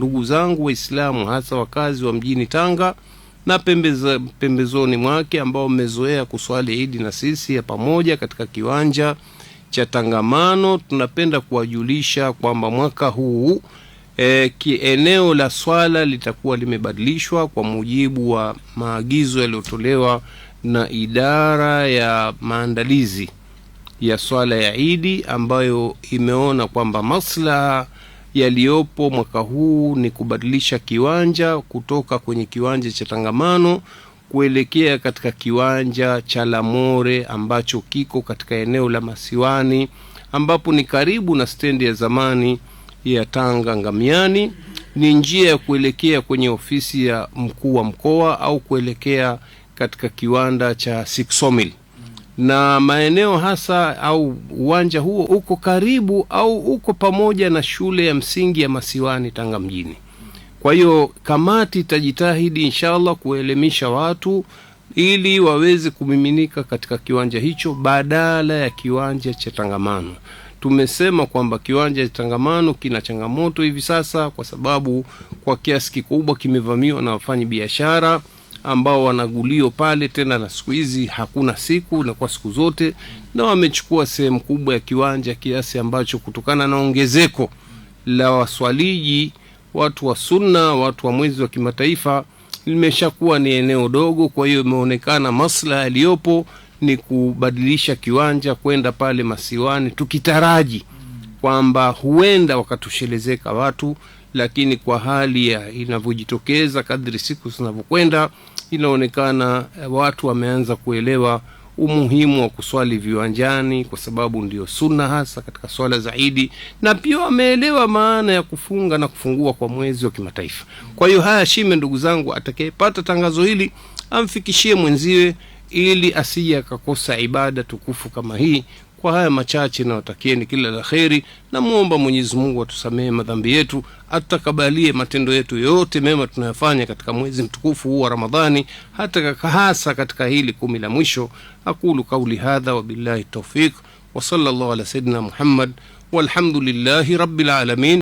Ndugu zangu Waislamu, hasa wakazi wa mjini Tanga na pembeza, pembezoni mwake ambao mmezoea kuswali Idi na sisi ya pamoja katika kiwanja cha Tangamano, tunapenda kuwajulisha kwamba mwaka huu e, kieneo la swala litakuwa limebadilishwa kwa mujibu wa maagizo yaliyotolewa na idara ya maandalizi ya swala ya Idi ambayo imeona kwamba maslaha yaliyopo mwaka huu ni kubadilisha kiwanja kutoka kwenye kiwanja cha Tangamano kuelekea katika kiwanja cha Lamore ambacho kiko katika eneo la Masiwani ambapo ni karibu na stendi ya zamani ya Tanga Ngamiani. Ni njia ya kuelekea kwenye ofisi ya mkuu wa mkoa au kuelekea katika kiwanda cha Siksomil na maeneo hasa au uwanja huo uko karibu au uko pamoja na shule ya msingi ya Masiwani Tanga mjini. Kwa hiyo kamati itajitahidi inshallah kuelimisha watu ili waweze kumiminika katika kiwanja hicho badala ya kiwanja cha Tangamano. Tumesema kwamba kiwanja cha Tangamano kina changamoto hivi sasa, kwa sababu kwa kiasi kikubwa kimevamiwa na wafanyi biashara ambao wanagulio pale tena, na siku hizi hakuna siku na kwa siku zote, na wamechukua sehemu kubwa ya kiwanja kiasi ambacho kutokana na ongezeko la waswaliji, watu wa sunna, watu wa mwezi wa kimataifa limeshakuwa ni eneo dogo. Kwa hiyo imeonekana masla yaliyopo ni kubadilisha kiwanja kwenda pale masiwani, tukitaraji kwamba huenda wakatoshelezeka watu lakini kwa hali ya inavyojitokeza kadri siku zinavyokwenda, inaonekana eh, watu wameanza kuelewa umuhimu wa kuswali viwanjani kwa sababu ndiyo sunna hasa katika swala zaidi na pia wameelewa maana ya kufunga na kufungua kwa mwezi wa kimataifa. Kwa hiyo haya shime, ndugu zangu, atakayepata tangazo hili amfikishie mwenziwe, ili asije akakosa ibada tukufu kama hii, kwa haya machache nawatakieni kila la kheri, namwomba Mwenyezi Mungu atusamehe madhambi yetu, atakabalie matendo yetu yote mema tunayofanya katika mwezi mtukufu huu wa Ramadhani, hata hasa katika hili kumi la mwisho. Aqulu qauli hadha wabillahi tawfiq wa sallallahu ala sayidina Muhammad walhamdulillahi rabbil alamin.